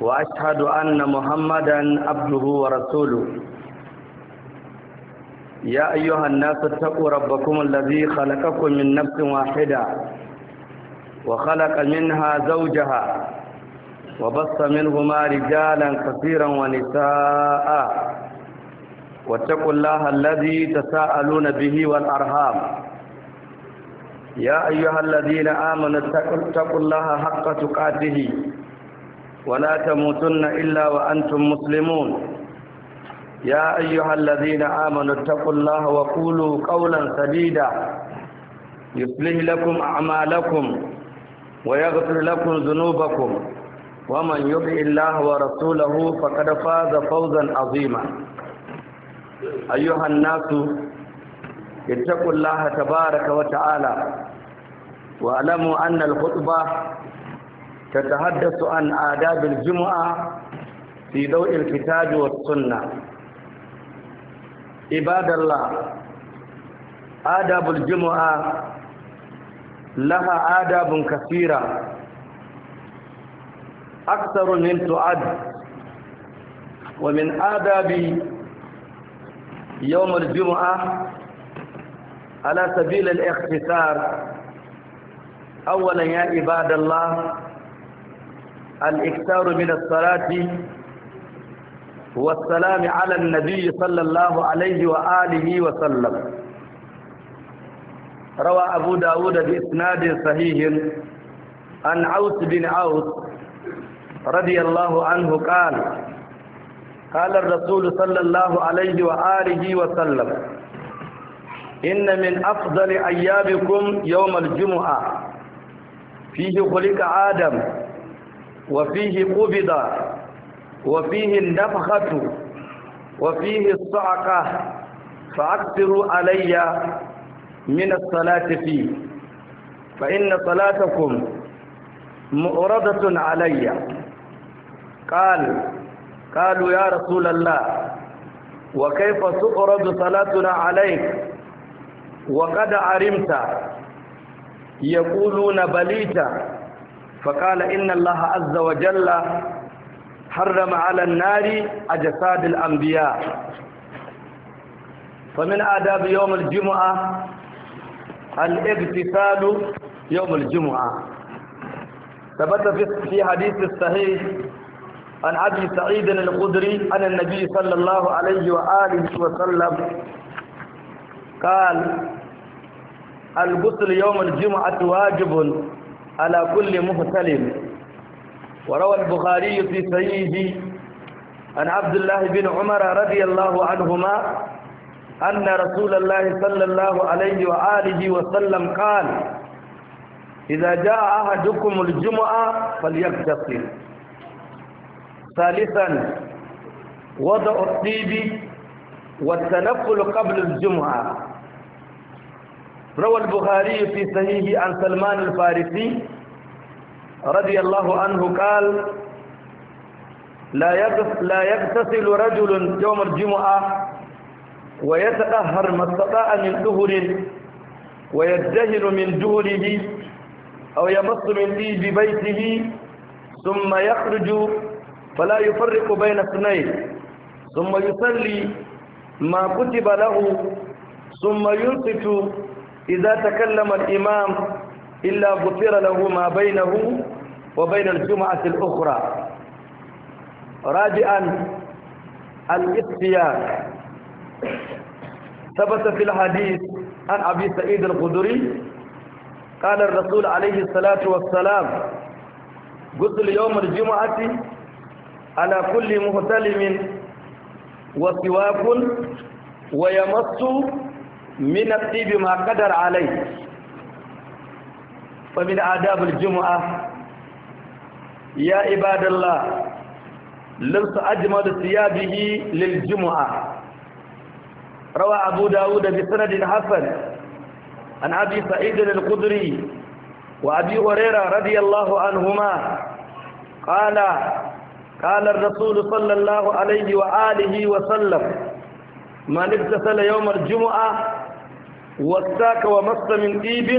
وأشهد أن محمدا عبده ورسوله يا أيها الناس اتقوا ربكم الذي خلقكم من نفس واحدة وخلق منها زوجها وبص منهما رجالا كثيرا ونساء واتقوا الله الذي تساءلون به والأرهام يا أيها الذين آمنوا اتقوا الله حق تقاته ولا تموتن إلا وأنتم مسلمون يا أيها الذين آمنوا اتقوا الله وقولوا قولا سديدا يصلح لكم أعمالكم ويغفر لكم ذنوبكم ومن يطع الله ورسوله فقد فاز فوزا عظيما أيها الناس اتقوا الله تبارك وتعالى واعلموا أن الخطبة تتحدث عن آداب الجمعة في ضوء الكتاب والسنة عباد الله آداب الجمعة لها آداب كثيرة أكثر من تعد ومن آداب يوم الجمعة على سبيل الاختصار أولا يا عباد الله الإكثار من الصلاة والسلام على النبي صلى الله عليه وآله وسلم روى أبو داود بإسناد صحيح عن عوس بن عوس رضي الله عنه قال قال الرسول صلى الله عليه وآله وسلم إن من أفضل أيامكم يوم الجمعة فيه خلق آدم وفيه قبض وفيه النفخة وفيه الصعقة فأكثروا علي من الصلاة فيه فإن صلاتكم مؤردة علي قال قالوا يا رسول الله وكيف تؤرد صلاتنا عليك وقد عرمت يقولون بليت فقال إن الله عز وجل حرم على النار أجساد الأنبياء فمن آداب يوم الجمعة الاغتسال يوم الجمعة ثبت في حديث الصحيح عن أبي سعيد الخدري عن النبي صلى الله عليه وآله وسلم قال الغسل يوم الجمعة واجب على كل مختلف وروى البخاري في صحيحه عن عبد الله بن عمر رضي الله عنهما أن رسول الله صلى الله عليه وآله وسلم قال إذا جاء أحدكم الجمعة فليغتسل ثالثا وضع الطيب والتنفل قبل الجمعة روى البخاري في صحيح عن سلمان الفارسي رضي الله عنه قال لا يغتسل رجل يوم الجمعة ويتأهر ما استطاع من دهر ويجتهل من دهره أو يمص من دي طيب بيته ثم يخرج فلا يفرق بين اثنين ثم يصلي ما كتب له ثم ينصت إذا تكلم الإمام إلا غفر له ما بينه وبين الجمعة الأخرى راجعا الاختيار ثبت في الحديث عن أبي سعيد الخدري قال الرسول عليه الصلاة والسلام قتل يوم الجمعة على كل مهتلم وسواك ويمس من الطيب ما قدر عليه فمن آداب الجمعة يا عباد الله لبس أجمل ثيابه للجمعة روى أبو داود بسند حسن عن أبي سعيد الخدري وأبي هريرة رضي الله عنهما قال قال الرسول صلى الله عليه وآله وسلم من اغتسل يوم الجمعة وساك ومص من طيب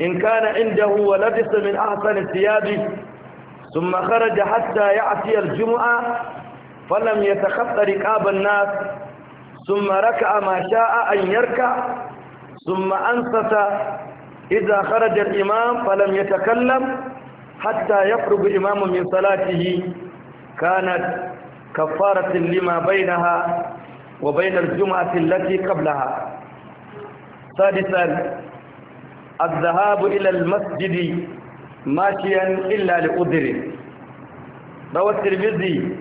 إن كان عنده ولبس من أحسن الثياب ثم خرج حتى يعطي الجمعة فلم يتخط رقاب الناس ثم ركع ما شاء أن يركع ثم أنصت إذا خرج الإمام فلم يتكلم حتى يفرغ إمام من صلاته كانت كفارة لما بينها وبين الجمعة التي قبلها سادسا الذهاب إلى المسجد ماشيا إلا لقدر روى الترمذي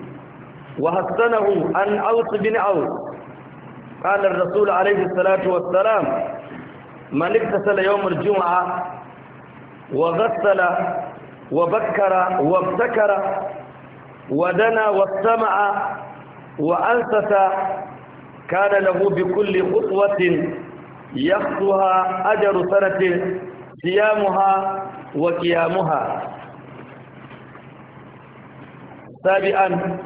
وحسنه عن أوس بن أوس قال الرسول عليه الصلاة والسلام من اغتسل يوم الجمعة وغسل وبكر وابتكر ودنا واستمع وأنست كان له بكل خطوة يخطها أجر سنة صيامها وقيامها سابعا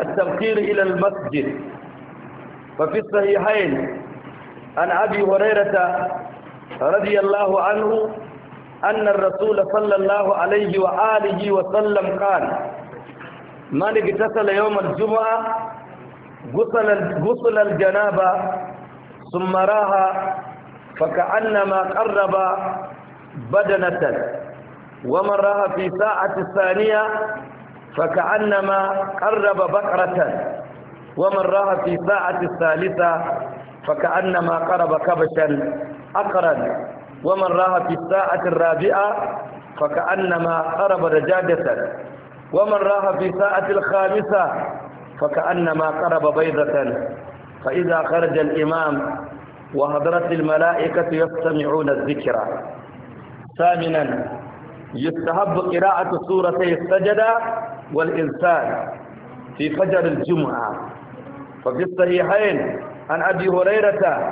التبخير إلى المسجد ففي الصحيحين عن أبي هريرة رضي الله عنه أن الرسول صلى الله عليه وآله وسلم قال من اغتسل يوم الجمعة غسل غسل الجنابة ثم راها فكأنما قرب بدنة ومن راها في ساعة الثانية فكأنما قرب بقرة ومن راها في ساعة الثالثة فكأنما قرب كبشا أقرا ومن راها في الساعة الرابعة فكأنما قرب دجاجة ومن راها في ساعة الخامسة فكأنما قرب بيضة فإذا خرج الإمام وحضرت الملائكة يستمعون الذكر ثامنا يستحب قراءة سورتي السجدة والإنسان في فجر الجمعة ففي الصحيحين عن أبي هريرة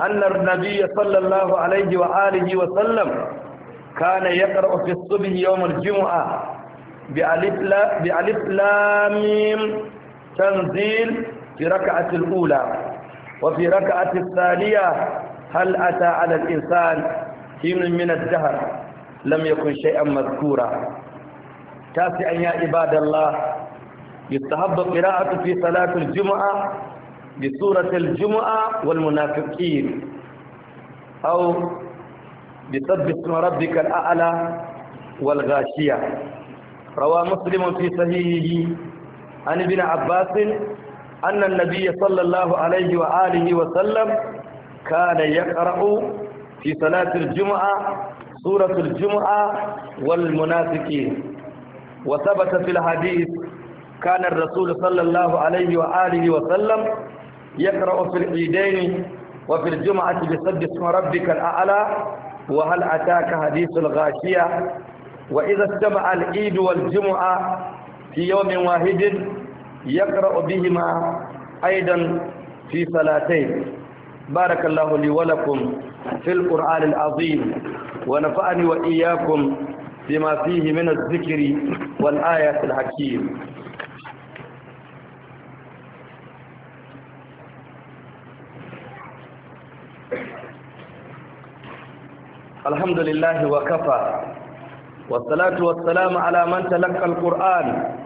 أن النبي صلى الله عليه وآله وسلم كان يقرأ في الصبح يوم الجمعة بألف لام تنزيل في ركعة الأولى وفي ركعة الثانية هل أتى على الإنسان حين من الدهر لم يكن شيئا مذكورا تاسعا يا عباد الله يستحب قراءة في صلاة الجمعة بسورة الجمعة والمنافقين أو بسبب اسم ربك الأعلى والغاشية روى مسلم في صحيحه عن ابن عباس أن النبي صلى الله عليه وآله وسلم كان يقرأ في صلاة الجمعة سورة الجمعة والمنافقين وثبت في الحديث كان الرسول صلى الله عليه وآله وسلم يقرأ في العيدين وفي الجمعة بسبح اسم ربك الأعلى وهل أتاك حديث الغاشية وإذا اجتمع العيد والجمعة في يوم واحد يقرأ بهما أيضا في صلاتين بارك الله لي ولكم في القرآن العظيم ونفعني وإياكم بما فيه من الذكر والآيات الحكيم الحمد لله وكفى والصلاة والسلام على من تلقى القرآن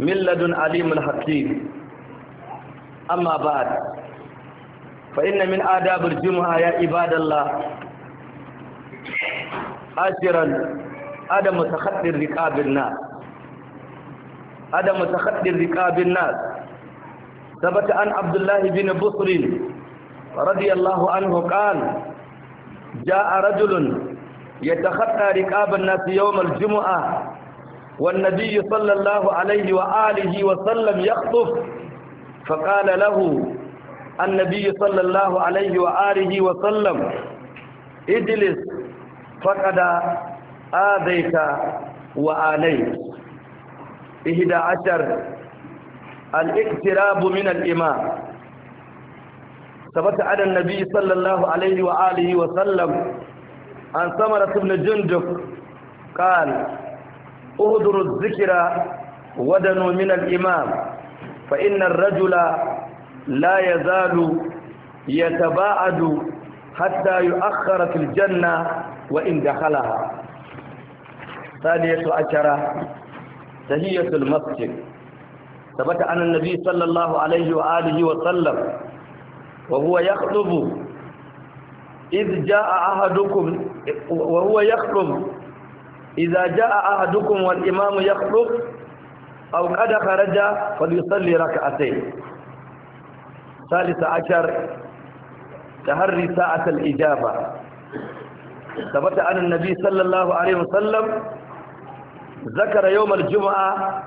min ladun alimul hakim amma ba'd fa inna min adabul jumu'a ya ibadallah hasiran adam mutakhaddir riqabil nas adam mutakhaddir riqabil nas ثبت عن عبد الله بن بصر رضي الله عنه قال جاء رجل يتخطى رقاب الناس يوم الجمعه والنبي صلى الله عليه وآله وسلم يخطف فقال له النبي صلى الله عليه وآله وسلم اجلس فقد آذيت وآليت إهدى عشر الاقتراب من الإمام ثبت على النبي صلى الله عليه وآله وسلم عن ثمرة بن جندب قال اهدروا الذكر ودنوا من الإمام فإن الرجل لا يزال يتباعد حتى يؤخر في الجنة وإن دخلها ثانية عشرة تهية المسجد ثبت عن النبي صلى الله عليه وآله وسلم وهو يخطب إذ جاء أحدكم وهو يخطب إذا جاء أحدكم والإمام يخطب أو قد خرج فليصلي ركعتين ثالث عشر تهري ساعة الإجابة ثبت أن النبي صلى الله عليه وسلم ذكر يوم الجمعة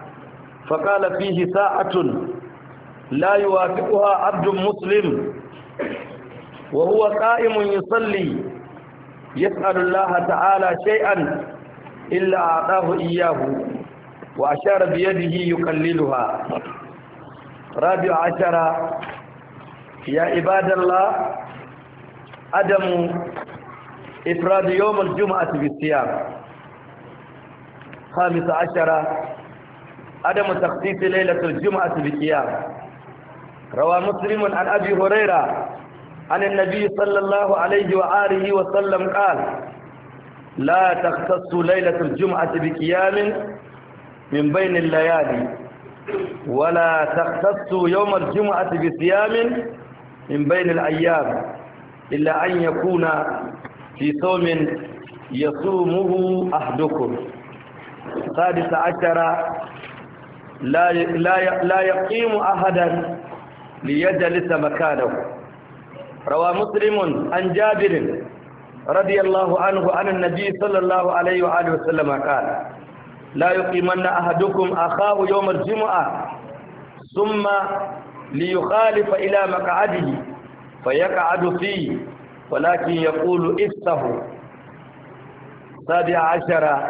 فقال فيه ساعة لا يوافقها عبد مسلم وهو قائم يصلي يسأل الله تعالى شيئا إلا أعطاه إياه وأشار بيده يقللها رابع عشر يا عباد الله عدم إفراد يوم الجمعة بالصيام خامس عشر عدم تخصيص ليلة الجمعة بالصيام روى مسلم عن أبي هريرة عن النبي صلى الله عليه وآله وسلم قال لا تختص ليلة الجمعة بقيام من بين الليالي ولا تختص يوم الجمعة بصيام من بين الأيام إلا أن يكون في صوم يصومه أحدكم السادس عشر لا لا لا يقيم أحدا ليجلس مكانه روى مسلم عن جابر رضي الله عنه عن النبي صلى الله عليه وآله وسلم قال لا يقيمن أحدكم أخاه يوم الجمعة ثم ليخالف إلى مقعده فيقعد فيه ولكن يقول إفته سابع عشر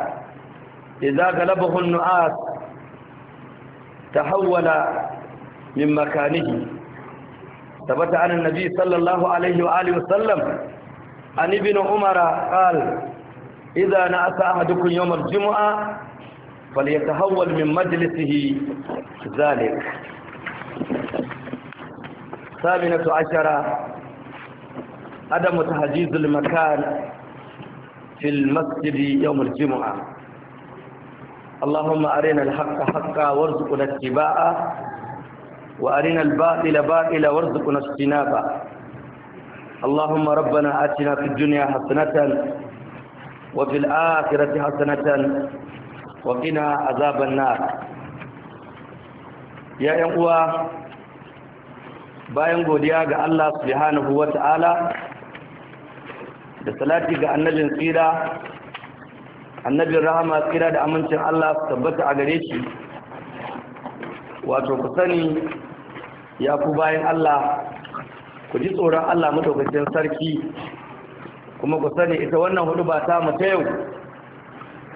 إذا غلبه النعاس تحول من مكانه ثبت عن النبي صلى الله عليه وآله وسلم عن ابن عمر قال إذا نأس أحدكم يوم الجمعة فليتهول من مجلسه ذلك ثامنة عشرة عدم تحجيز المكان في المسجد يوم الجمعة اللهم أرنا الحق حقا وارزقنا اتباعه وأرنا الباطل باطلا وارزقنا اجتنابه اللهم ربنا آتنا في الدنيا حسنة وفي الآخرة حسنة وقنا عذاب النار يا ينقوى bayan godiya ga Allah subhanahu wata'ala da salati ga annabin tsira annabin rahama tsira da amincin Allah su tabbata a gare shi wato ku sani ya ku bayan Allah ku ji tsoron Allah madaukakin sarki kuma ku sani ita wannan hudu ba ta mata yau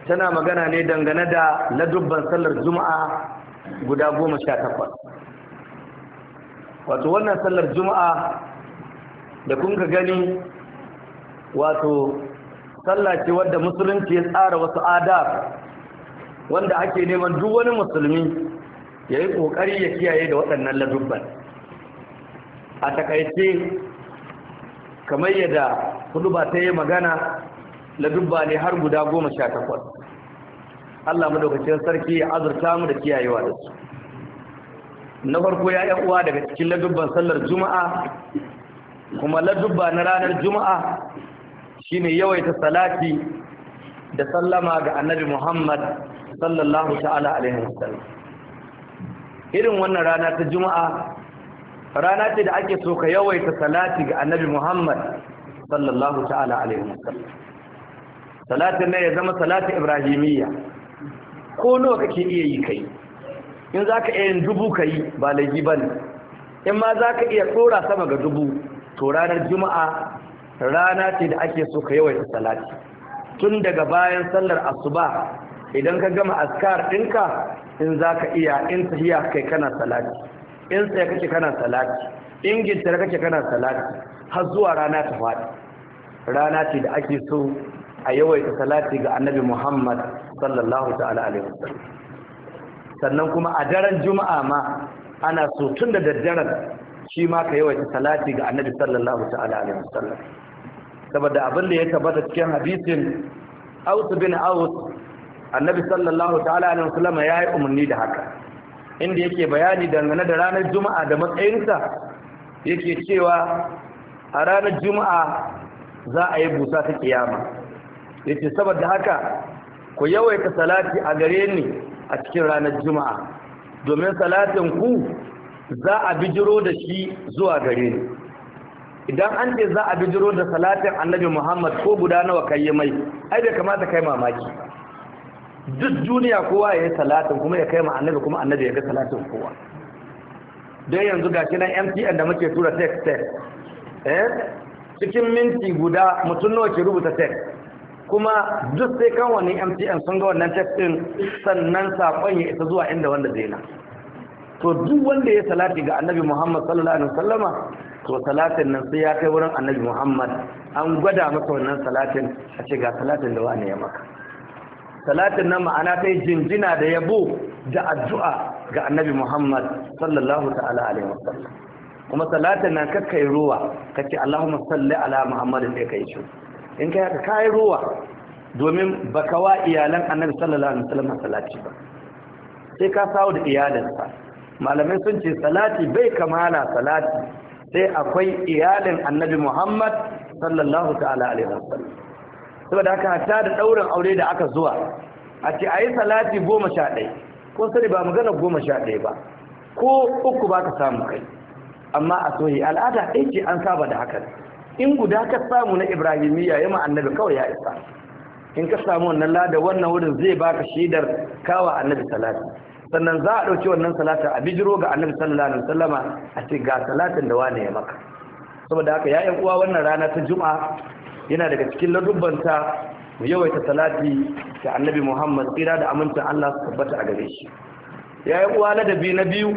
tana magana ne dangane da ladubban sallar juma'a guda goma sha takwas wato wannan sallar juma'a da kun ka gani wato sallah ce wadda musulunci ya tsara wasu adab wanda ake neman duk wani musulmi ya yi ƙoƙari ya kiyaye da waɗannan ladubban a takaice kamar yadda hudu ba ta yi magana ladubba ne har guda goma sha takwas Allah madaukacin sarki ya azurta mu da kiyayewa da su na farko ya yan uwa daga cikin ladubban sallar juma'a kuma ladubba na ranar juma'a shine yawaita salati da sallama ga annabi Muhammad sallallahu ta'ala alaihi wasallam irin wannan rana ta juma'a rana ce da ake so ka yawaita salati ga annabi Muhammad sallallahu ta'ala alaihi wasallam salatin ne ya zama salati ibrahimiyya ko nawa kake iya yi kai in zaka iya yin dubu kai ba laifi bane in ma zaka iya tsora sama ga dubu to ranar juma'a rana ce da ake so ka yawaita salati tun daga bayan sallar asuba idan ka gama askar dinka, in zaka iya in tahiya kai kana salati in sai kake kana salati in gintar kake kana salati har zuwa rana ta faɗi rana ce da ake so a yawaita salati ga annabi Muhammad sallallahu ta'ala alaihi wasallam sannan kuma a daren juma'a ma ana so tun da daddaren shi ma ka yawaita salati ga annabi sallallahu ta'ala alaihi wasallam saboda abin da ya tabbata cikin hadisin Aus bin Aus annabi sallallahu ta'ala alaihi wasallam ya yi umarni da haka inda yake bayani dangane da ranar juma'a da matsayinsa yake cewa a ranar juma'a za a yi busa ta kiyama yake saboda haka ku yawaita salati a gare ni a cikin ranar juma'a domin salatin ku za a bijiro da shi zuwa gare ni idan an ce za a bijiro da salatin annabi muhammad ko guda nawa kai mai ai bai kamata kai mamaki duk duniya kowa ya yi salatin kuma ya kai ma annabi kuma annabi ya ga salatin kowa don yanzu ga shinan MTN da muke tura tek text eh cikin minti guda mutum nawa ke rubuta tek kuma duk sai kan wani MTN sun ga wannan text din sannan sakon ya isa zuwa inda wanda zai na to duk wanda ya salati ga annabi Muhammad sallallahu alaihi wasallama to salatin nan sai ya kai wurin annabi Muhammad an gwada masa wannan salatin a ce ga salatin da wani ya maka salatin nan ma'ana ta jinjina da yabo da addu'a ga annabi Muhammad sallallahu ta'ala alaihi wasallam kuma salatin nan kakka yi ruwa kace Allahumma salli ala Muhammadin sai kai shi in kai ka kayi ruwa domin ba wa iyalan annabi sallallahu alaihi wasallam salati ba sai ka sawo da iyalinsa. malamai sun ce salati bai salati sai akwai iyalin annabi Muhammad sallallahu saboda haka ta da ɗaurin aure da aka zuwa a ce a yi salati goma sha ɗaya ko sani ba magana goma sha ɗaya ba ko uku ba ka samu kai amma a soyi al'ada ɗaya ce an saba da haka in guda ka samu na ibrahimiyya ya annabi kawai ya isa in ka samu wannan lada wannan wurin zai baka shaidar kawa annabi salati sannan za a ɗauki wannan salatin a bijiro ga annabi sallallahu alaihi wasallama a ce ga salatin da wane ya maka saboda haka ya'yan uwa wannan rana ta juma'a yana daga cikin ladubbanta mu yawaita salati ga annabi Muhammad tsira da amincin Allah su tabbata a gare shi yayi uwa ladabi na biyu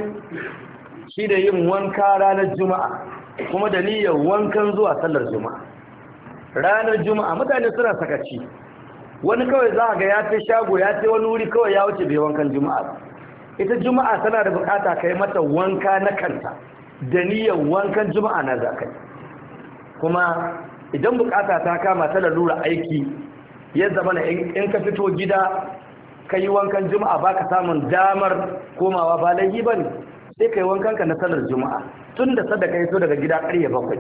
shi da yin wanka ranar juma'a kuma da niyyar wankan zuwa sallar juma'a ranar juma'a mutane suna sakaci wani kawai za ga ya ce shago ya ce wani wuri kawai ya wuce bai wankan juma'a ita juma'a tana da bukata kai mata wanka na kanta da niyyar wankan juma'a na zakai kuma idan bukata ta kama ta lura aiki yadda mana in ka fito gida ka yi wankan juma'a ba ka samun damar komawa ba laifi ba ne sai ka yi wankan ka na sanar juma'a tun da ka yi so daga gida karya bakwai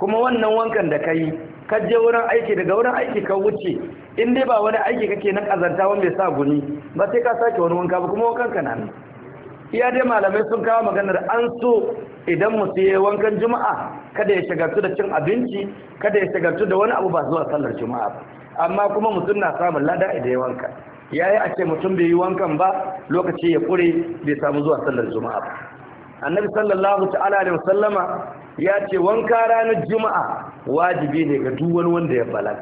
kuma wannan wankan da ka yi ka je wurin aiki daga wurin aiki ka wuce in dai ba wani aiki kake na kazanta wanda ya sa guni ba sai ka sake wani wanka ba kuma wankan ka na nan iya dai malamai sun kawo maganar an so idan musu yi wankan juma'a kada ya shagartu da cin abinci kada ya shagartu da wani abu ba zuwa sallar juma'a ba amma kuma mutum na samun lada idan ya wanka ya yi a ce mutum bai yi wankan ba lokaci ya kure bai samu zuwa sallar juma'a ba annabi sallallahu ta'ala alaihi wasallama ya ce wanka ranar juma'a wajibi ne ga duk wani wanda ya bala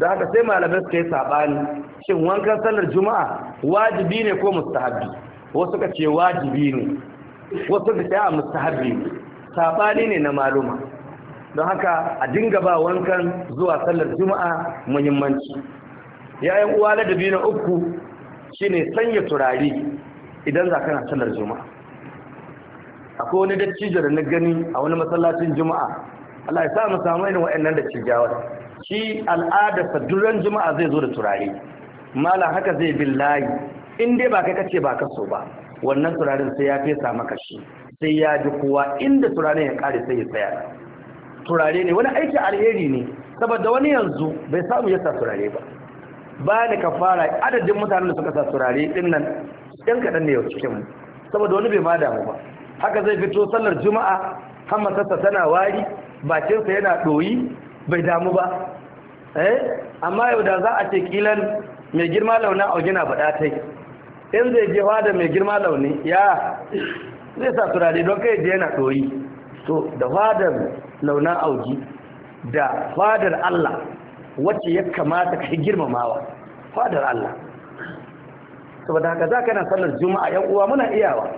da haka sai malamai suka yi saɓani shin wankan sallar juma'a wajibi ne ko mustahabbi. wasu ka ce wajibi ne wasu ka ce a mustahabi ne ne na maluma don haka a dinga ba wankan zuwa sallar juma'a muhimmanci yayin uwa ladabi na uku shine sanya turare idan za kana sallar juma'a akwai wani dattijo da na gani a wani masallacin juma'a Allah ya sa mu samu irin waɗannan cijawa shi al'ada sa duran juma'a zai zo da turare malam haka zai billahi in dai ba kai kace ba ka so ba wannan turarin sai ya fesa maka shi sai ya ji kowa inda turarin ya kare sai ya tsaya turare ne wani aiki alheri ne saboda wani yanzu bai samu ya sa turare ba bayan da fara adadin mutanen da suka sa turare din nan ɗan kaɗan ne yau cikin saboda wani bai ma damu ba haka zai fito sallar juma'a hammasarsa tana wari bakinsa yana ɗoyi bai damu ba eh amma yau da za a ce kilan mai girma launa a gina baɗatai in zai je fada mai girma launi ya zai sa turare don kai je yana ɗoyi to da fadar launan auji, da fadar Allah wacce ya kamata ka girmamawa fadar Allah saboda haka za ka na sallar juma'a yan uwa muna iyawa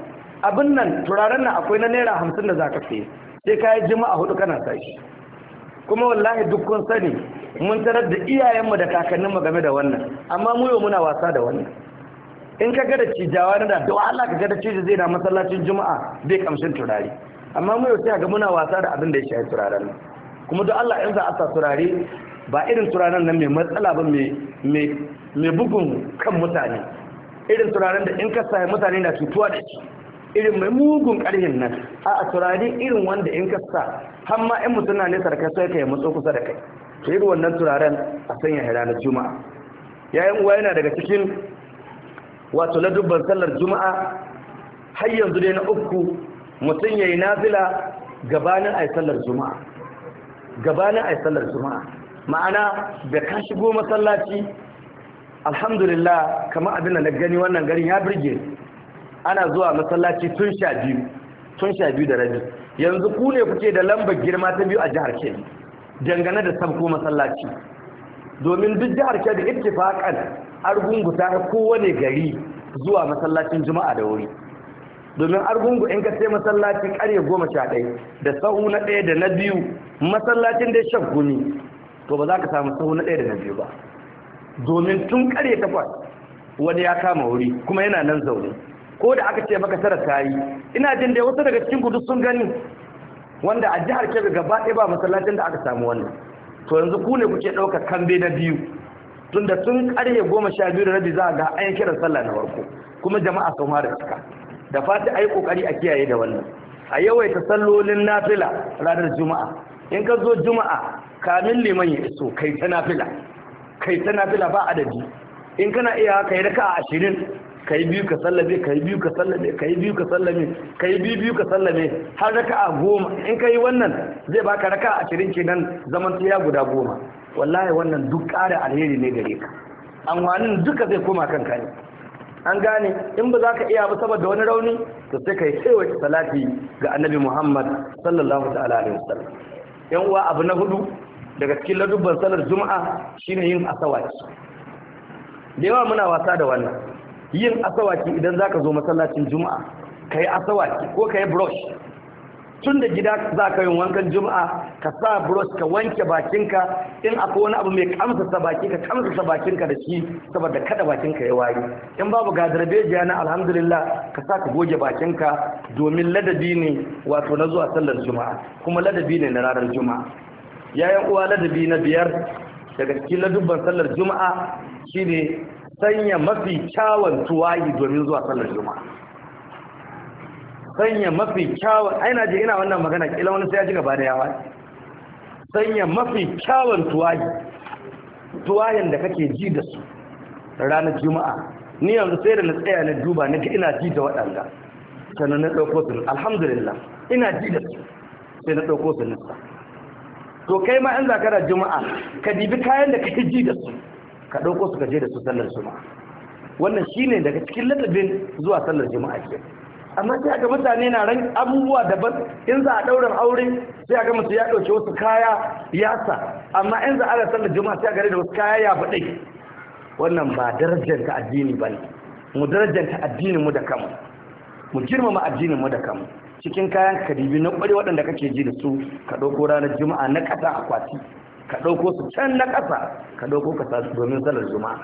abin nan turaren nan akwai na naira hamsin da za ka fiye. sai ka yi juma'a hudu kana sashi kuma wallahi duk kun sani mun tarar da iyayenmu da kakanninmu game da wannan amma mu yau muna wasa da wannan in ka gada cijawa na da to Allah ka gada da cije zai na masallacin juma'a bai kamshin turare amma mu yau sai ga muna wasa da abin da ya shafi turaren nan kuma don Allah in za a sa turare ba irin turaren nan mai matsala ba mai bugun kan mutane irin turaren da in ka sa mutane na cutuwa da shi irin mai mugun ƙarhin nan a turare irin wanda in ka sa har ma in mutum na nesa da kai sai ka yi matso kusa da kai to irin wannan turaren a sanya hira na juma'a yayin uwa yana daga cikin wato dubban sallar juma'a har yanzu dai na uku mutum ya yi nazila gabanin yi sallar juma'a gabanin yi sallar juma'a ma'ana da ka shigo masallaci alhamdulillah kamar abin da na gani wannan garin ya birge ana zuwa masallaci tun sha biyu tun sha biyu da rabi yanzu ku ne kuke da lambar girma ta biyu a jihar kebbi dangane da sabko masallaci domin duk jihar ke da kebbi faƙan, argungu ta kowane gari zuwa masallacin juma'a da wuri domin argungu in ka sai masallacin ƙarye goma sha ɗaya da sahu na ɗaya da na biyu masallacin da shan guni to ba za ka samu sahu na ɗaya da na biyu ba domin tun karye takwas wani ya kama wuri kuma yana nan zaune ko da aka ce maka tara tayi ina jin da wasu daga cikin gudu sun gani wanda a jihar kebbi gaba ɗaya ba masallacin da aka samu wannan to yanzu ku ne kuke ɗaukar kambe na biyu tunda tun karye goma sha biyu da rabi za a ga an kiran sallah na farko kuma jama'a sun fara cika da fata a yi ƙoƙari a kiyaye da wannan a yawaita sallolin nafila ranar juma'a in ka zo juma'a kamin liman ya iso kai ta nafila kai ta nafila ba adadi in kana iya da raka a ashirin ka yi biyu ka sallame ka yi biyu ka sallame ka yi biyu ka sallame ka yi biyu biyu ka sallame har raka a goma in ka yi wannan zai baka raka a ashirin kenan zaman tsaya guda goma wallahi wannan duk ƙara alheri ne gare ka amfanin duka zai koma kanka ne an gane in ba za ka iya ba saboda wani rauni to sai ka yi kewace salati ga annabi muhammad sallallahu ta'ala alaihi wasallam yan uwa abu na hudu daga cikin ladubban salar juma'a shine yin asawa da yawa muna wasa da wannan yin asawaki idan za ka zo masallacin juma'a ka yi asawaki ko ka yi brush tun da gida za ka yi wankan juma'a ka sa brush ka wanke bakinka in akwai wani abu mai kamsasa baki ka kamsasa bakinka da shi saboda kada bakinka ya wari in babu gadarbejiya na alhamdulillah ka sa ka goge bakinka domin ladabi ne wato na zuwa sallar juma'a kuma ladabi ne na ranar juma'a yayan uwa ladabi na biyar daga cikin ladubban sallar juma'a shine sanya mafi kyawun tuwayi domin zuwa sallar juma'a sanya mafi kyawun aina je ina wannan magana kila wani sai ya ji gaba da yawa sanya mafi kyawun tuwayi tuwayin da kake ji da su ranar juma'a ni yanzu sai da na tsaya na duba na ina ji da waɗanda sannan na ɗauko su alhamdulillah ina ji da su sai na ɗauko su nisa to kai ma in zakara juma'a ka dibi kayan da kake ji da su ka ɗauko su je da su sallar su wannan shi ne daga cikin ladabin zuwa sallar jima'a ke amma sai ga mutane na ran abubuwa daban in za a ɗaurin aure sai ga mutu ya ɗauke wasu kaya ya sa amma in za a ga sallar juma'a sai ga da wasu kaya ya faɗi wannan ba darajar ka addini ba ne mu darajar ka addinin mu da kanmu mu girmama addinin mu da kanmu cikin kayan kadibi na ƙware waɗanda kake ji da su ka ɗauko ranar juma'a na ƙasa akwati ka ɗauko su can na ƙasa ka ɗauko ka sa domin salar juma'a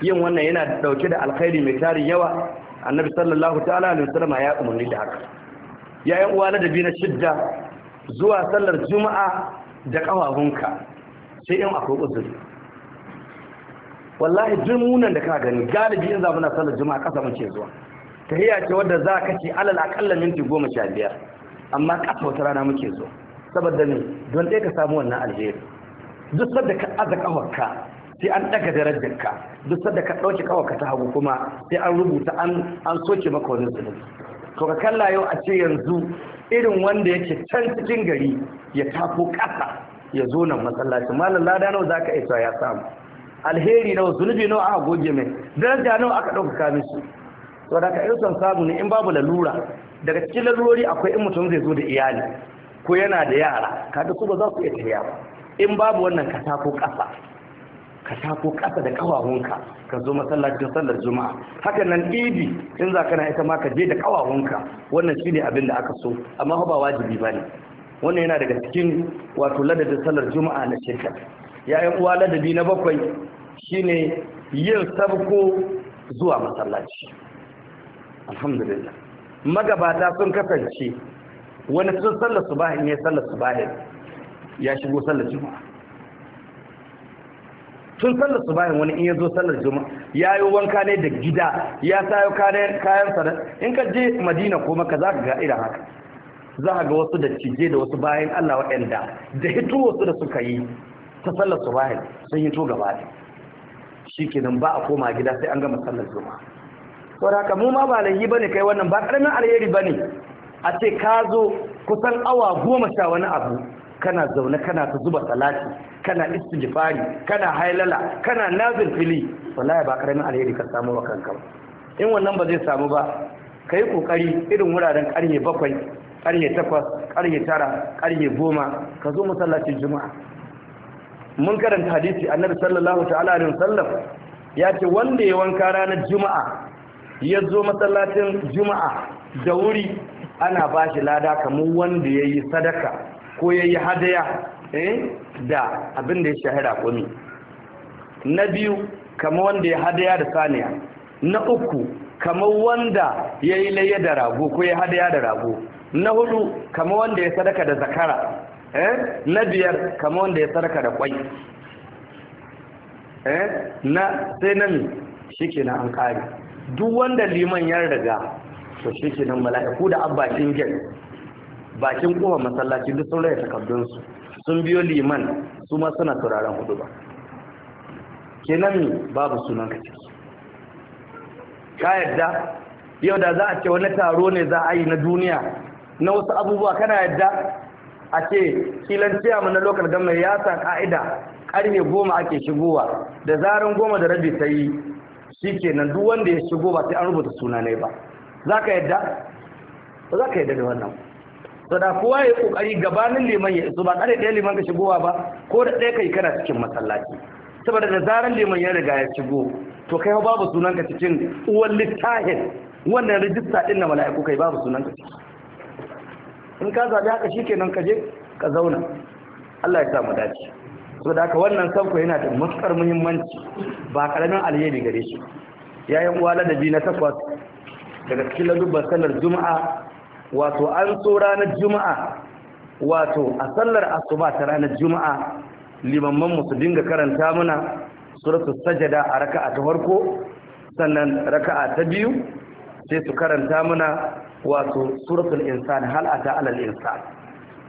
yin wannan yana ɗauke da alkhairi mai tarin yawa annabi sallallahu ta'ala alaihi wasallam ya umarni da haka yayin uwa na dabi na shidda zuwa sallar juma'a da ƙafafunka sai in akwai uzuri wallahi duk munan da ka gani galibi in za muna sallar juma'a ƙasa mun ce zuwa tahiyya ce wadda za ka ce alal akalla minti goma sha biyar amma ƙasa wata rana muke zuwa saboda ne don ɗaya ka samu wannan alheri duk sadda ka aza kawarka sai an daga darajarka duk sadda ka dauke kawarka ta hagu kuma sai an rubuta an soke maka wani zunubi to ka kalla yau a ce yanzu irin wanda yake can cikin gari ya tafo ƙasa ya zo nan masallaci malam lada nawa zaka isa ya samu alheri nawa zunubi nawa aka goge mai daraja nawa aka dauka mishi to da ka irin samu ne in babu lalura daga cikin lalurori akwai in mutum zai zo da iyali ko yana da yara kaga su ba za su iya tafiya ba in babu wannan ka ƙasa ka tafo ƙasa da ƙawahunka ka zo masallacin sallar juma'a haka nan idi in za kana ita ma ka je da ƙawahunka wannan shine abin da aka so amma ba wajibi ba ne. wannan yana daga cikin wato ladadin sallar juma'a na shekara yayin uwa ladabi na bakwai shine yin sabko zuwa masallaci alhamdulillah magabata sun kasance wani sun sallar subahin ne sallar subahin ya shigo sallar juma'a tun sallar su bayan wani in ya zo sallar juma'a ya yi wanka ne da gida ya sayo kayan sa in ka je madina ko maka za ka ga irin haka za ka ga wasu da cije da wasu bayan allah waɗanda da hito wasu da suka yi ta sallar su bayan sun hito gaba ne shi kenan ba a koma gida sai an gama sallar juma'a saboda haka mu ma ba laifi bane kai wannan ba karamin alheri bane a ce ka zo kusan awa goma sha wani abu kana zaune kana ta zuba salati kana istijfari kana hailala kana nazil fili wallahi ba karamin alheri ka samu wa kanka ba in wannan ba zai samu ba kai kokari irin wuraren karye bakwai karye takwas karye tara karye goma ka zo masallacin juma'a mun karanta hadisi annabi sallallahu ta'ala alaihi wasallam ya ce wanda ya wanka ranar juma'a ya zo masallacin juma'a da wuri ana ba shi lada kamar wanda ya yi sadaka ko ya yi hadaya eh, da abin da ya shahara kumi na biyu kama wanda ya hadaya da saniya na uku kama wanda ya yi layya da rago ko ya hadaya da rago na hudu kama wanda ya sadaka da zakara eh. na biyar kama wanda ya sadaka da kwai eh, na sai na shi ke an kari duk wanda liman ya riga to shi ke nan mala'iku da abba shingen bakin kofar masallaci duk sun raya takardunsu sun biyo liman su ma suna sauraron hudu ba kenan babu sunan ka ka yadda yau da za a ce wani taro ne za a yi na duniya na wasu abubuwa kana yadda a ce kilan ciyaman na lokal gama ya sa ka'ida karfe goma ake shigowa da zaran goma da rabi ta yi shi kenan duk wanda ya shigo ba sai an rubuta suna ne ba za ka yadda ba za ka yadda da wannan ba. to da kowa ya kokari gabanin liman ya iso ba tare da liman ka shigowa ba ko da ɗaya kai kana cikin masallaci saboda da zaran liman ya riga ya shigo to kai babu sunan ka cikin uwan littahin wannan rijista ɗin na mala'iku kai babu sunanka ciki in ka zabi haka shi kenan ka je ka zauna Allah ya samu dace saboda haka wannan sanko yana da matuƙar muhimmanci ba karamin alheri gare shi yayin uwa ladabi na takwas daga cikin ladubban sallar juma'a wato an so ranar juma'a wato a sallar asuba ta ranar juma'a limamman mu su dinga karanta muna suratu sajada a raka'a ta farko sannan raka'a ta biyu sai su karanta muna wato suratul insan hal ata alal insan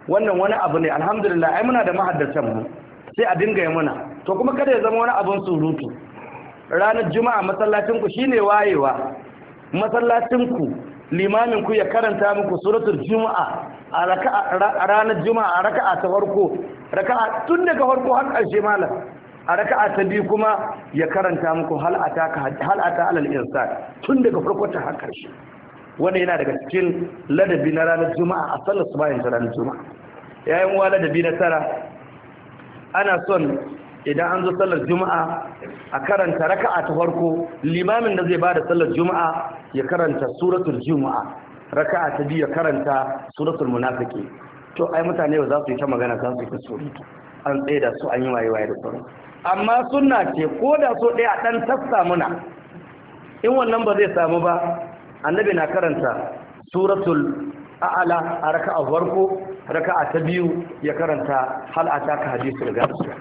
wannan wani abu ne alhamdulillah ai muna da mahaddacan mu sai a dinga yi muna to kuma kada ya zama wani abun surutu ranar juma'a masallacin ku shine wayewa masallacin ku limamin ku ya karanta muku suratul juma'a a ranar juma'a a raka'a ta farko raka'a tun daga farko har ƙarshe malam a raka'a ta biyu kuma ya karanta muku hal ata alal insan tun daga farko ta har ƙarshe wanda yana daga cikin ladabi na ranar juma'a a sallar su bayan ranar juma'a yayin wa ladabi na tara ana son idan an zo sallar juma'a a karanta raka'a ta farko limamin da zai bada sallar juma'a ya karanta suratul juma'a raka'a ta biyu ya karanta suratul munafiki to ai mutane ba za su yi ta magana za su yi ta surutu an tsaye da su an yi waye waye da sauran amma sunna ce ko da so ɗaya ɗan tafsa muna in wannan ba zai samu ba annabi na karanta suratul a'ala a raka'a farko raka'a ta biyu ya karanta hal ataka da gaskiya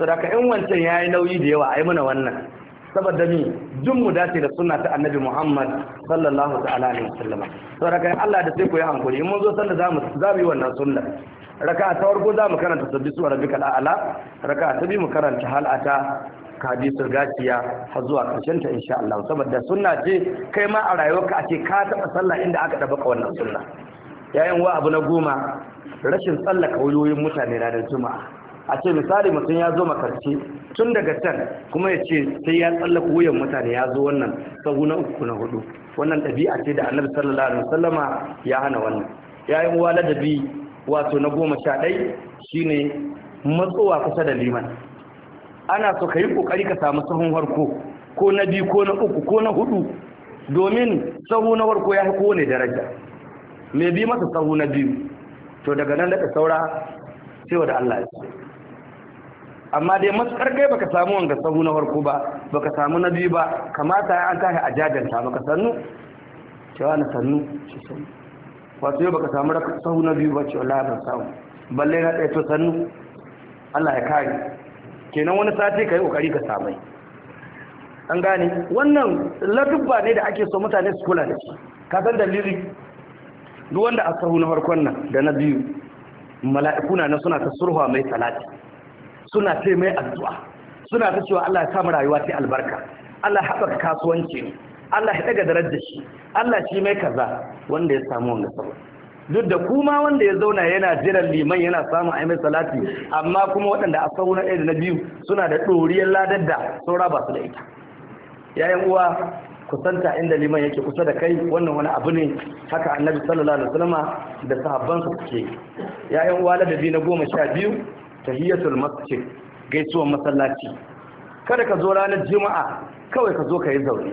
to da in wancan yayi nauyi da yawa ai muna wannan saboda mi duk mu dace da sunna ta annabi Muhammad sallallahu ta'ala alaihi wasallam to da Allah da sai ku yi hankuri in mun zo sallah za mu yi wannan sunna raka'a ta farko zamu karanta sabbisu rabbika a'la raka'a ta biyu mu karanta halata hadisul gaciya har zuwa karshen ta insha Allah saboda sunna ce kai ma a rayuwarka a ce ka taba sallah inda aka ka wannan sunna yayin wa abu na goma rashin tsallaka wuyoyin mutane ranar juma'a a ce misali mutum ya zo makarci tun daga can kuma ya ce sai ya tsallaka wuyan mutane ya zo wannan sahu na uku na hudu wannan ɗabi'a ce da annabi sallallahu alaihi wasallama ya hana wannan yayin uwa ladabi wato na goma sha ɗai shine matsowa kusa da liman ana so ka yi ƙoƙari ka samu sahun harko ko na biyu ko na uku ko na hudu domin sahu na farko ya fi kowane daraja mai bi masa sahu na biyu to daga nan daga saura wa da Allah ya ce amma dai matsar kai baka samu wanga sahu na farko ba baka samu na biyu ba kamata ya an tashi a jajanta baka sannu cewa na sannu shi sannu wato yau baka samu sahu na biyu ba cewa la ban samu balle na tsaye to sannu Allah ya kare kenan wani sati kai kokari ka samai an gane wannan latubba ne da ake so mutane su kula da shi ka san dalili duk wanda a sahu na farkon nan da na biyu mala'ikuna na suna ta surwa mai salati suna ce mai addu'a suna ta cewa Allah ya samu rayuwa sai albarka Allah haɓaka kasuwanci ne Allah ya daga darajar shi Allah shi mai kaza wanda ya samu wanda sabon duk da kuma wanda ya zauna yana jiran liman yana samun aimai salati amma kuma waɗanda a sau na ɗaya da na biyu suna da ɗoriyar ladar da saura ba su da ita yayan uwa kusanta inda liman yake kusa da kai wannan wani abu ne haka annabi sallallahu alaihi wasallama da sahabbansa suke yayan uwa ladabi na goma sha biyu tahiyatul masjid gaisuwar masallaci kada ka zo ranar juma'a kawai ka zo ka yi zaune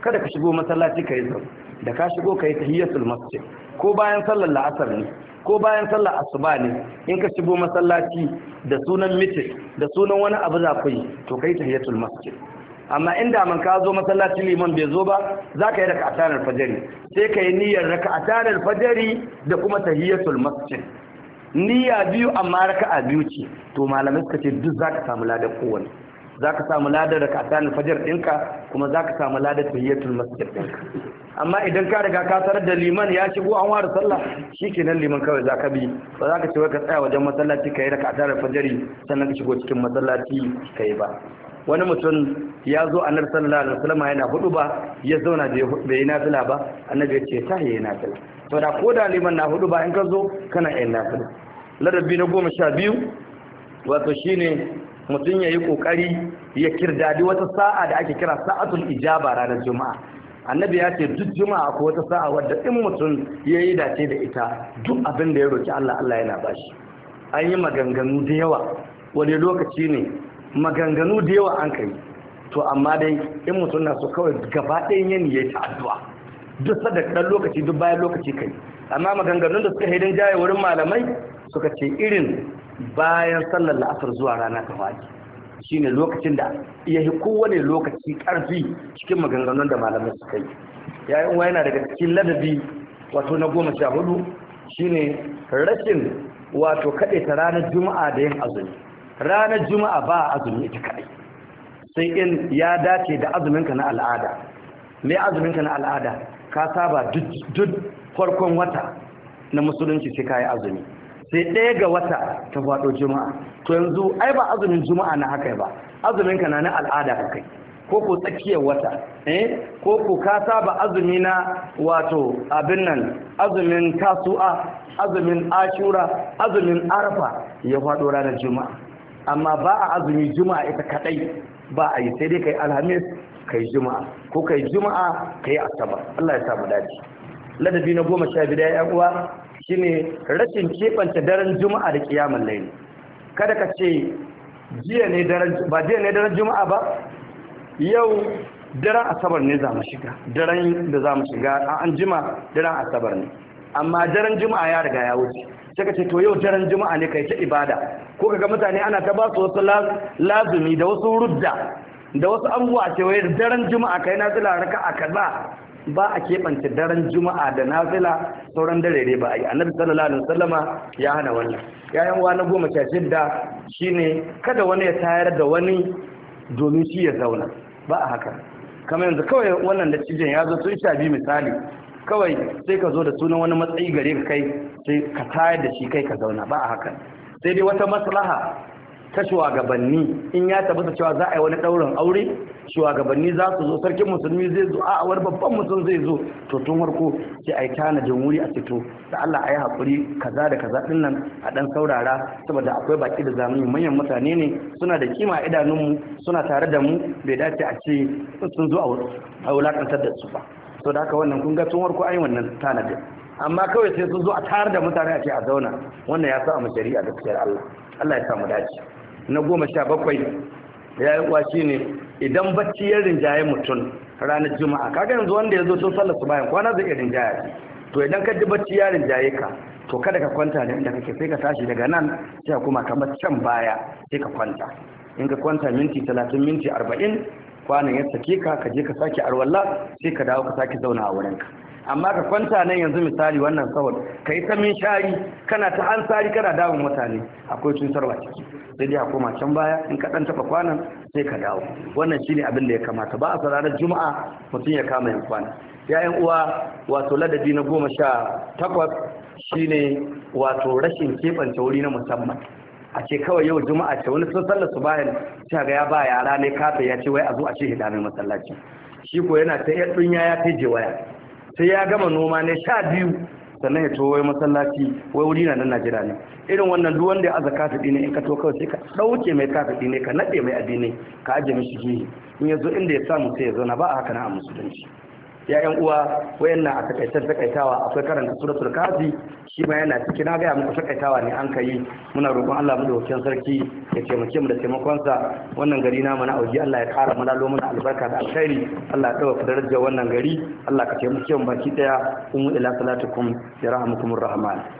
kada ka shigo masallaci ka yi zaune da ka shigo ka yi tahiyatul masjid ko bayan sallar la'asar ne ko bayan sallar asuba ne in ka shigo masallaci da sunan mitin da sunan wani abu za ku yi to kai tahiyatul masjid amma inda man ka zo masallaci liman bai zo ba za ka yi raka atanar sai ka yi niyyar raka atanar fajari da kuma tahiyatul masjid niyya biyu amma a biyu ce to malamai suka ce duk zaka samu ladan kowanne zaka samu ladan raka'atan fajar dinka kuma zaka samu ladan tahiyatul masjid dinka amma idan ka riga ka tarar da liman ya shigo an ware sallah shikenan liman kawai zaka bi ba zaka ce wai ka tsaya wajen masallaci kai raka'atan fajari sannan ka shigo cikin masallaci kai ba wani mutum ya zo a nar sallallahu alaihi wasallam yana hudu ba ya zauna bai yi nafila ba annabi ya ce ta yi nafila to da ko da liman na hudu ba in ka zo kana yin nafila ladabi na goma sha biyu wato shine mutum ya yi ƙoƙari ya kirdadi wata sa'a da ake kira sa'atul ijaba ranar juma'a annabi ya ce duk juma'a ko wata sa'a wadda in mutum ya yi dace da ita duk abin da ya roki Allah Allah yana bashi an yi maganganu da yawa wani lokaci ne maganganu da yawa an kai to amma dai in mutum na so kawai gaba ɗayan yani ya yi ta addu'a duk sadaka ɗan lokaci duk bayan lokaci kai amma maganganun da suka haidin jaye wurin malamai suka ce irin bayan sallar la'asar zuwa rana ta Shi ne lokacin da ya yi kowane lokaci ƙarfi cikin maganganun da malamai suka yi yayin wa yana daga cikin ladabi wato na goma sha hudu shi ne rashin wato kaɗe ta ranar juma'a da yin azumi ranar juma'a ba azumi ita kaɗai sai in ya dace da azuminka na al'ada mai azuminka na al'ada ka saba duk farkon wata na musulunci sai ka yi azumi sai ɗaya ga wata ta faɗo juma'a to yanzu ai ba azumin juma'a na haka ba azumin ka na na al'ada ka kai ko ko tsakiyar wata eh ko ko ka saba azumi na wato abin nan azumin kasu'a azumin ashura azumin arafa ya faɗo ranar juma'a amma ba a azumi juma'a ita kaɗai ba a yi sai dai kai alhamis kai juma'a ko kai juma'a kai asabar Allah ya sa mu ladabi na goma sha biyu ya 'yan uwa shine rashin keɓanta daren juma'a da kiyamun laili kada ka ce jiya ne daren ba jiya ne daren juma'a ba yau daren asabar ne za mu shiga daren da za mu shiga an jima daren asabar ne amma daren juma'a ya riga ya wuce sai ka ce to yau daren juma'a ne kai ta ibada ko kaga mutane ana ta ba su wasu lazumi da wasu rudda da wasu abubuwa ce wai daren juma'a kai na zila raka a kaza ba a keɓance daren juma'a da nafila sauran dare ba a yi annabi sallallahu alaihi wasallama ya hana wannan yayan wa na goma sha shidda shine kada wani ya tayar da wani domin shi ya zauna ba a haka kamar yanzu kawai wannan da cijin ya zo sun sha biyu misali kawai sai ka zo da sunan wani matsayi gare ka kai sai ka tayar da shi kai ka zauna ba a haka sai dai wata maslaha ta shugabanni in ya tabbata cewa za a yi wani ɗaurin aure shugabanni za su zo sarkin musulmi zai zo a wani babban mutum zai zo to tun farko sai a yi tanadin wuri a fito da Allah a yi haƙuri kaza da kaza ɗin nan a ɗan saurara saboda akwai baki da zamani manyan mutane ne suna da kima a idanunmu suna tare da mu bai dace a ce sun zo a wulaƙantar da su ba to da haka wannan kun ga tun farko an yi wannan tanadin amma kawai sai sun zo a tare da mutane a ce a zauna wannan ya sa mu shari'a gaskiyar Allah Allah ya sa mu dace na goma sha bakwai ya yi kwashi ne idan bacci ya rinjaye mutum ranar juma'a kaga yanzu wanda ya zo sun sallar su bayan kwana zai iya rinjaya to idan ka ji bacci ya rinjaye ka to kada ka kwanta da inda kake sai ka tashi daga nan sai kuma kamar can baya sai ka kwanta in ka kwanta minti talatin minti arba'in kwanan ya sake ka ka je ka sake arwalla sai ka dawo ka sake zauna a wurinka amma ka kwanta nan yanzu misali wannan sahur ka yi ta shari kana ta an tsari kana dawo mutane akwai sarwa ciki sai dai a koma can baya in ka dan taba kwanan sai ka dawo wannan shine abin da ya kamata ba a ranar juma'a mutum ya kama yan kwana yayan uwa wato ladabi na goma sha takwas shine wato rashin keɓance wuri na musamman a ce kawai yau juma'a ce wani sun sallar su bayan sai ga ya ba yara ne kafe ya ce wai a zo a ce hidamin masallaci shi ko yana ta ɗunya ya ta je waya sai ya gama noma ne sha biyu sannan ya to wai masallaci wai wuri na nan jira ne irin wannan duk wanda ya aza kafiɗi ne in ka to kawai sai ka ɗauke mai kafiɗi ne ka naɗe mai abi ka ajiye mishi jihi in ya zo inda ya samu sai ya zauna ba a haka na a musulunci Ya'yan uwa uwa wayanna a takaitar takaitawa akwai karanta suratul kafi shi ma yana cikin na gaya muku takaitawa ne an kai muna roƙon Allah mu da wakilin sarki ya taimake mu da taimakonsa wannan gari na na auji Allah ya kara mana mana albarka da alkhairi Allah ya dauka darajar wannan gari Allah ka taimake mu baki daya umu ila salatukum yarhamukumur rahman